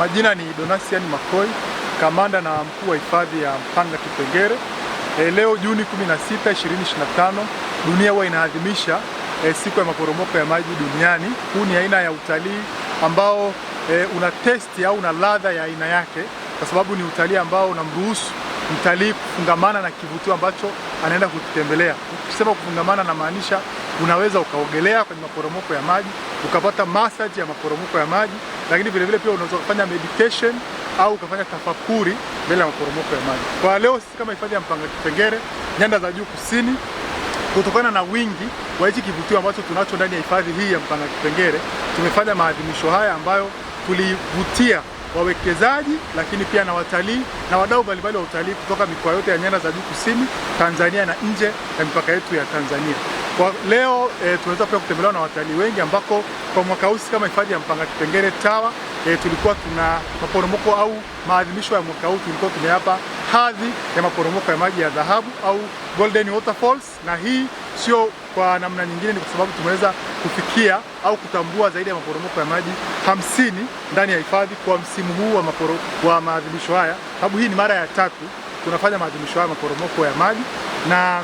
Majina ni Donasian Makoi, kamanda na mkuu wa hifadhi ya Mpanga Kipengere. E, leo Juni 16, 2025 dunia huwa inaadhimisha e, siku ya maporomoko ya maji duniani. Huu ni aina ya utalii ambao e, una testi au una ladha ya aina yake, kwa sababu ni utalii ambao unamruhusu mtalii kufungamana na kivutio ambacho anaenda kukitembelea. Ukisema kufungamana, namaanisha unaweza ukaogelea kwenye maporomoko ya maji, ukapata masaji ya maporomoko ya maji lakini vilevile pia unaweza kufanya meditation au ukafanya tafakuri mbele ya maporomoko ya maji. Kwa leo sisi kama hifadhi ya Mpanga Kipengere nyanda za juu kusini, kutokana na wingi wa hichi kivutio ambacho tunacho ndani ya hifadhi hii ya Mpanga Kipengere, tumefanya maadhimisho haya ambayo tulivutia wawekezaji lakini pia na watalii na wadau mbalimbali wa utalii kutoka mikoa yote ya nyanda za juu kusini Tanzania na nje ya mipaka yetu ya Tanzania. Kwa leo e, eh, tunaweza pia kutembelewa na watalii wengi ambako kwa mwaka huu kama hifadhi ya Mpanga Kipengere Tawa e, eh, tulikuwa tuna maporomoko au maadhimisho ya mwaka huu tulikuwa tumeyapa hadhi ya maporomoko ya maji ya dhahabu au Golden Waterfalls, na hii sio kwa namna nyingine, ni kwa sababu tumeweza kufikia au kutambua zaidi ya maporomoko ya maji hamsini ndani ya hifadhi kwa msimu huu wa, maporo, wa maadhimisho haya, sababu hii ni mara ya tatu tunafanya maadhimisho haya maporomoko ya maji na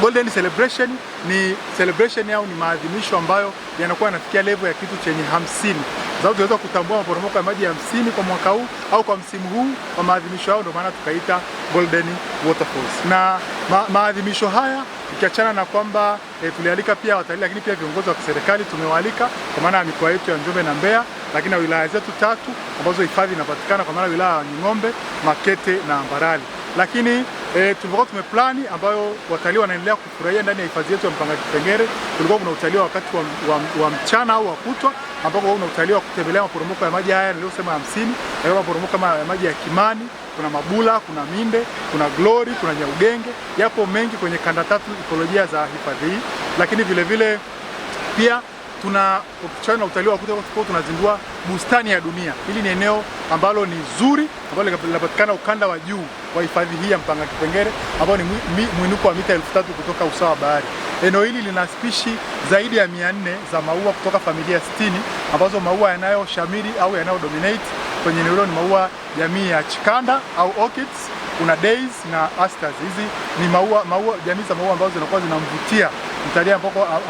Golden celebration ni celebration au ni maadhimisho ambayo yanakuwa yanafikia level ya kitu chenye hamsini. Sababu tunaweza kutambua maporomoko ya maji ya hamsini kwa mwaka huu au kwa msimu huu wa maadhimisho hayo, ndio maana tukaita Golden Waterfalls. Na ma maadhimisho haya ikiachana na kwamba e, tulialika pia watalii, lakini pia viongozi wa kiserikali tumewaalika kwa maana ya mikoa yetu ya Njombe na Mbeya, lakini na wilaya zetu tatu ambazo hifadhi inapatikana kwa maana wilaya ya Wanging'ombe, Makete na Mbarali lakini E, eh, tulikuwa plani ambayo watalii wanaendelea kufurahia ndani ya hifadhi yetu ya Mpanga Kipengere. Kulikuwa kuna utalii wakati wa, wa, wa mchana au wa kutwa ambapo kuna utalii wa kutembelea maporomoko ya maji haya niliyosema hamsini, na maporomoko ya maji ya Kimani, kuna Mabula, kuna Minde, kuna Glory, kuna Nyaugenge, yapo mengi kwenye kanda tatu ikolojia za hifadhi hii, lakini vilevile vile, pia tuna kuchana na utalii wa kuta kwa tunazindua bustani ya dunia. Hili ni eneo ambalo ni zuri ambalo linapatikana ukanda wa juu kwa hifadhi hii ya Mpanga Kipengere ambao ni mwinuko wa mita elfu tatu kutoka usawa wa bahari. Eneo hili lina spishi zaidi ya 400 za maua kutoka familia 60 ambazo maua yanayoshamiri au yanayodominate kwenye eneo hilo ni maua jamii ya chikanda au orchids, kuna days na asters. Hizi ni maua, maua jamii za maua ambazo zinakuwa zinamvutia mtalii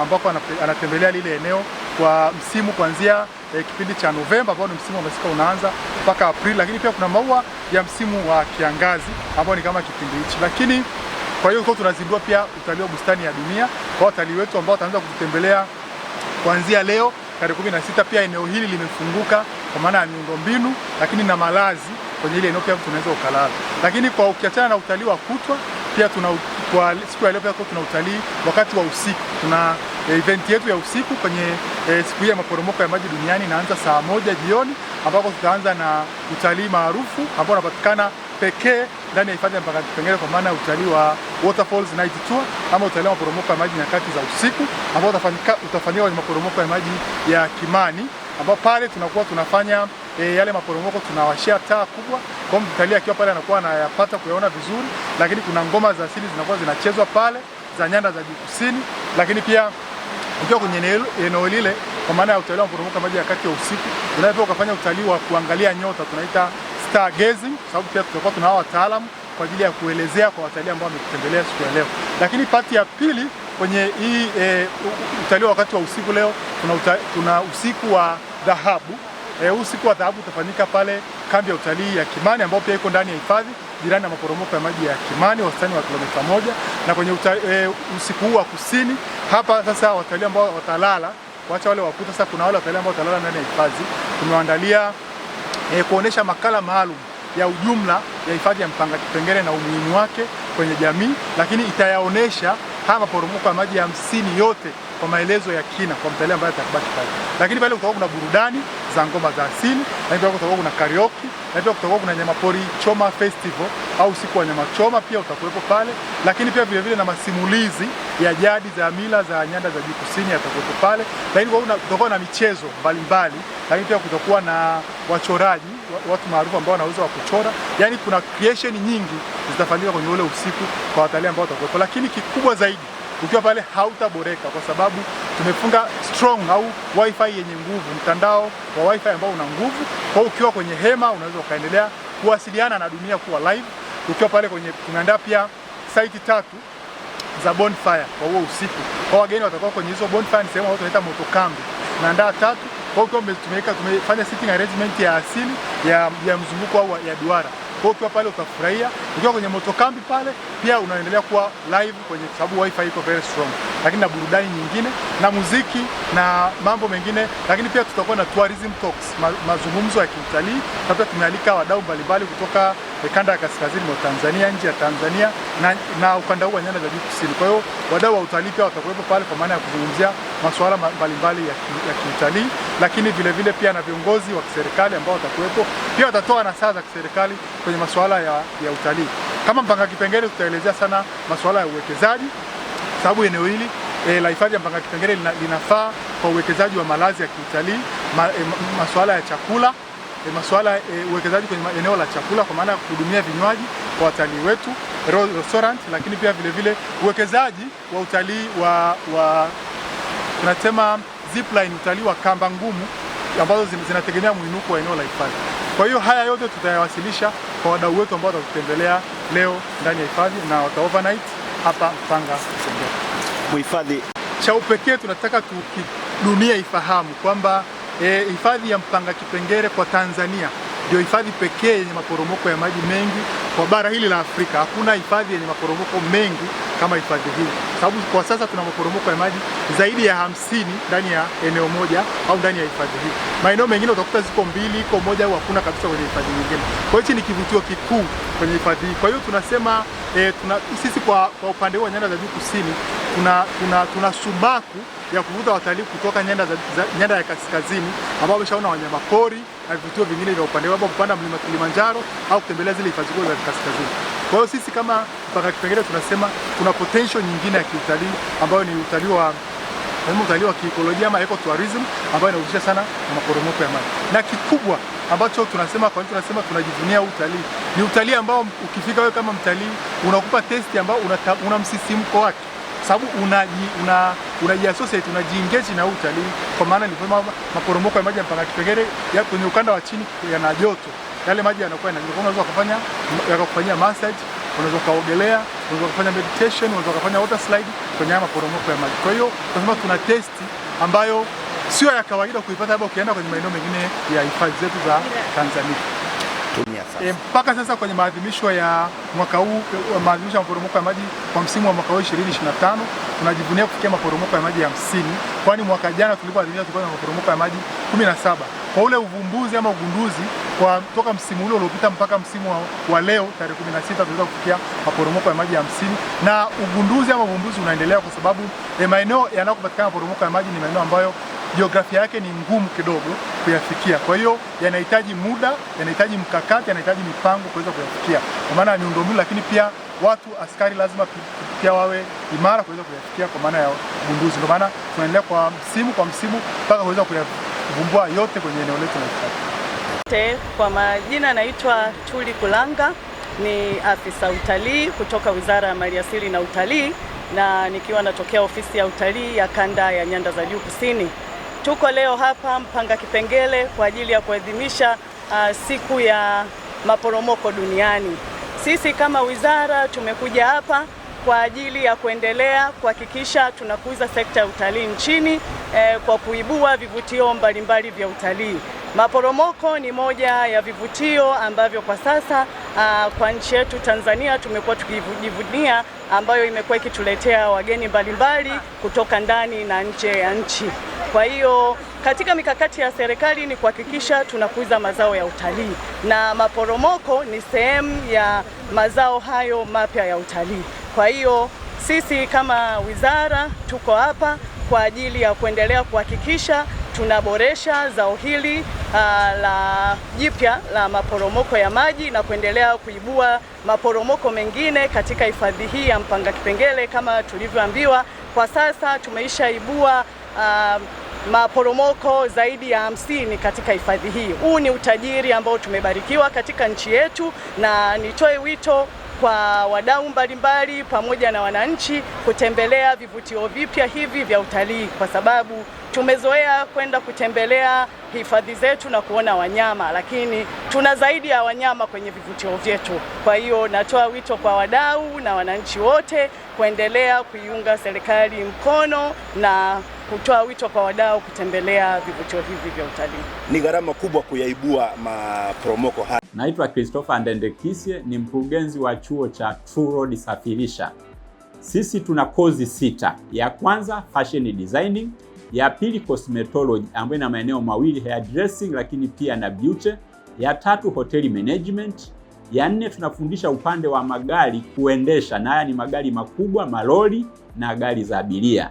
ambako anatembelea lile eneo kwa msimu kuanzia eh, kipindi cha Novemba ambao ni msimu wa masika unaanza mpaka Aprili, lakini pia kuna maua ya msimu wa kiangazi ambao ni kama kipindi hichi. Lakini kwa hiyo kwa tunazindua pia utalii wa bustani ya dunia kwa watalii wetu ambao wataanza kututembelea kuanzia leo tarehe sita. Pia eneo hili limefunguka kwa maana ya miundombinu, lakini na malazi kwenye ile eneo pia tunaweza ukalala. Lakini kwa ukiachana na utalii wa kutwa pia tuna kwa siku ya leo pia tuna utalii wakati wa usiku tuna Eh, event yetu ya usiku kwenye e, siku ya maporomoko ya maji duniani inaanza saa moja jioni ambapo tutaanza na utalii maarufu ambao unapatikana pekee ndani ya hifadhi ya Mpakala Kipengere kwa maana ya utalii wa waterfalls night tour ama utalii wa maporomoko ya maji nyakati za usiku ambao utafanyika kwenye maporomoko ya maji ya Kimani ambao pale tunakuwa tunafanya e, yale maporomoko tunawashia taa kubwa, kwa hiyo mtalii akiwa pale anakuwa anayapata kuyaona vizuri, lakini kuna ngoma za asili zinakuwa zinachezwa pale za nyanda za juu kusini, lakini pia ukiwa kwenye eneo lile, kwa maana ya utalii wa maporomoko maji ya kati ya usiku, unaweza pia ukafanya utalii wa kuangalia nyota, tunaita stargazing, sababu pia tutakuwa tuna wataalamu kwa ajili ya kuelezea kwa watalii ambao wametembelea siku ya leo. Lakini pati ya pili kwenye hii e, utalii wakati wa usiku leo tuna, uta, tuna usiku wa dhahabu. E, usiku wa dhahabu utafanyika pale kambi ya utalii ya Kimani ambayo pia iko ndani ya hifadhi jirani na maporomoko ya maji ya Kimani wastani wa kilomita moja, na kwenye uta, e, usiku huu wa kusini hapa sasa watalii ambao watalala wacha wale wakuta. Sasa kuna wale watalii ambao watalala ndani ya hifadhi, tumewaandalia e, kuonesha makala maalum ya ujumla ya hifadhi ya Mpanga Kipengere na umuhimu wake kwenye jamii, lakini itayaonesha haya maporomoko ya maji ya hamsini yote kwa maelezo ya kina kwa mtalii ambaye atakubaki pale. Lakini pale kutakuwa kuna burudani za ngoma za asili, lakini pia kutakuwa kuna karaoke, lakini pia kutakuwa kuna nyamapori choma festival au siku ya nyama choma pia utakuwepo pale, lakini pia vile vile na masimulizi ya jadi za mila za nyanda za juu kusini yatakuwepo pale, lakini kutakuwa na michezo mbalimbali, lakini pia kutakuwa na wachoraji watu maarufu ambao wanaweza wa kuchora. Yani kuna creation nyingi zitafanyika kwenye ule usiku kwa watalii ambao watakuwepo, lakini kikubwa zaidi ukiwa pale hautaboreka kwa sababu tumefunga strong au wifi yenye nguvu, mtandao wa wifi ambao una nguvu. Kwa hiyo ukiwa kwenye hema unaweza ukaendelea kuwasiliana na dunia kuwa live ukiwa pale kwenye. Tumeandaa pia site tatu za bonfire kwa huo usiku, kwa wageni watakuwa kwenye hizo bonfire. Ni sehemu ambayo tunaita moto kambi, tumeandaa tatu kwa hiyo tumeweka, tumefanya sitting arrangement ya asili ya, ya mzunguko au ya duara kwa ukiwa pale utafurahia. Ukiwa kwenye moto kambi pale pia unaendelea kuwa live kwenye sababu wifi iko very strong, lakini na burudani nyingine na muziki na mambo mengine, lakini pia tutakuwa na tourism talks, ma mazungumzo ya kiutalii, na tumealika wadau mbalimbali kutoka eh, kanda ya kaskazini mwa Tanzania, nje ya Tanzania na, na ukanda huu wa nyanda za juu kusini. Kwa hiyo wadau wa utalii pia watakuwepo pale kwa maana ya kuzungumzia masuala mbalimbali ya kiutalii lakini vile vile pia na viongozi wa kiserikali ambao watakuwepo, pia watatoa nasaha za kiserikali kwenye masuala ya, ya utalii. Kama Mpanga Kipengere tutaelezea sana masuala ya uwekezaji, sababu eneo hili e, la hifadhi ya Mpanga Kipengere linafaa kwa uwekezaji wa malazi ya kiutalii ma, e, masuala ya chakula E, masuala e, uwekezaji kwenye eneo la chakula kwa maana ya kuhudumia vinywaji kwa watalii wetu restaurant, lakini pia vilevile uwekezaji wa utalii wa, wa tunasema zipline, utalii wa kamba ngumu ambazo zinategemea mwinuko wa eneo la hifadhi. Kwa hiyo haya yote tutayawasilisha kwa wadau wetu ambao watatutembelea leo ndani ya hifadhi na wata overnight hapa Mpanga Usongero. Mhifadhi, cha upekee tunataka dunia ifahamu kwamba eh, hifadhi e, ya Mpanga Kipengere kwa Tanzania ndio hifadhi pekee yenye maporomoko ya maji mengi kwa bara hili la Afrika. Hakuna hifadhi yenye maporomoko mengi kama hifadhi hii, sababu kwa sasa tuna maporomoko ya maji zaidi ya hamsini ndani ya eneo moja au ndani ya hifadhi hii. Maeneo mengine utakuta ziko mbili, iko moja au hakuna kabisa kwenye hifadhi nyingine. Kwa hiyo ni kivutio kikuu kwenye hifadhi hii. Kwa hiyo tunasema e, tuna, sisi kwa, kwa upande huu wa nyanda za juu kusini tuna, tuna, tuna sumaku ya kuvuta watalii kutoka nyanda, za, nyanda ya kaskazini ambao wameshaona wanyamapori na vituo vingine vya upande wao kupanda mlima Kilimanjaro au kutembelea zile hifadhi za kaskazini. Kwa hiyo sisi kama mpaka Kipengere tunasema kuna potential nyingine ya kiutalii ambayo ni utalii wa utalii wa kiikolojia ama ecotourism ambayo inahusisha sana na maporomoko ya maji. Na kikubwa ambacho tunasema kwa nini tunasema tunajivunia utalii ni utalii ambao ukifika wewe kama mtalii unakupa testi ambao una msisimko wake, sababu unaji una, unajiassociate unajiengage na utalii kwa maana kwamba maporomoko ya maji ya mpaka Kipengere ya kwenye ukanda wa chini yana joto, yale maji yanakuwa yana joto. Unaweza kufanya yakakufanyia massage, unaweza kaogelea, unaweza kufanya meditation, unaweza kufanya water slide kwenye maporomoko ya maji. Kwa hiyo tunasema tuna test ambayo sio ya kawaida kuipata labda ukienda kwenye maeneo mengine ya hifadhi zetu za Tanzania kutumia sasa. E, mpaka sasa kwenye maadhimisho ya mwaka huu maadhimisho ya maporomoko ya maji kwa msimu wa mwaka huu 2025 tunajivunia kufikia maporomoko ya maji hamsini, kwani mwaka jana tulipoadhimisha tulikuwa na maporomoko ya maji 17. Kwa ule uvumbuzi ama ugunduzi kwa toka msimu ule uliopita mpaka msimu wa, wa leo tarehe 16 tunaweza kufikia maporomoko ya maji hamsini, na ugunduzi ama uvumbuzi unaendelea kwa sababu e, maeneo yanayopatikana maporomoko ya maji ni maeneo ambayo jiografia yake ni ngumu kidogo kuyafikia. Kwa hiyo yanahitaji muda, yanahitaji mkakati, yanahitaji mipango kuweza kuyafikia, kwa maana ya miundombinu, lakini pia watu askari lazima pia wawe imara kuweza kuyafikia kwa maana ya ugunduzi. Ndio maana tunaendelea kwa msimu kwa msimu mpaka kuweza kuyavumbua yote kwenye eneo letu la hifadhi. Kwa majina, naitwa Tuli Kulanga, ni afisa utalii kutoka Wizara ya Maliasili na Utalii, na nikiwa natokea ofisi ya utalii ya kanda ya Nyanda za Juu Kusini. Tuko leo hapa Mpanga Kipengele kwa ajili ya kuadhimisha uh, siku ya maporomoko duniani. Sisi kama wizara tumekuja hapa kwa ajili ya kuendelea kuhakikisha tunakuza sekta ya utalii nchini eh, kwa kuibua vivutio mbalimbali vya utalii. Maporomoko ni moja ya vivutio ambavyo kwa sasa uh, kwa nchi yetu Tanzania tumekuwa tukijivunia, ambayo imekuwa ikituletea wageni mbalimbali kutoka ndani na nje ya nchi. Kwa hiyo katika mikakati ya serikali ni kuhakikisha tunakuza mazao ya utalii na maporomoko ni sehemu ya mazao hayo mapya ya utalii. Kwa hiyo sisi kama wizara tuko hapa kwa ajili ya kuendelea kuhakikisha tunaboresha zao hili uh, la jipya la maporomoko ya maji na kuendelea kuibua maporomoko mengine katika hifadhi hii ya Mpanga Kipengere. Kama tulivyoambiwa, kwa sasa tumeishaibua uh, maporomoko zaidi ya hamsini katika hifadhi hii. Huu ni utajiri ambao tumebarikiwa katika nchi yetu, na nitoe wito kwa wadau mbalimbali pamoja na wananchi kutembelea vivutio vipya hivi vya utalii, kwa sababu tumezoea kwenda kutembelea hifadhi zetu na kuona wanyama, lakini tuna zaidi ya wanyama kwenye vivutio vyetu. Kwa hiyo natoa wito kwa wadau na wananchi wote kuendelea kuiunga serikali mkono na kutoa wito kwa wadau kutembelea vivutio hivi vya utalii. Ni gharama kubwa kuyaibua maporomoko haya. Naitwa Christopher Ndendekisye, ni mkurugenzi wa chuo cha True Road Safirisha. Sisi tuna kozi sita. Ya kwanza fashion designing, ya pili cosmetology ambayo ina maeneo mawili hair dressing, lakini pia na beauty. Ya tatu hoteli management. Ya nne tunafundisha upande wa magari kuendesha, na haya ni magari makubwa, malori na gari za abiria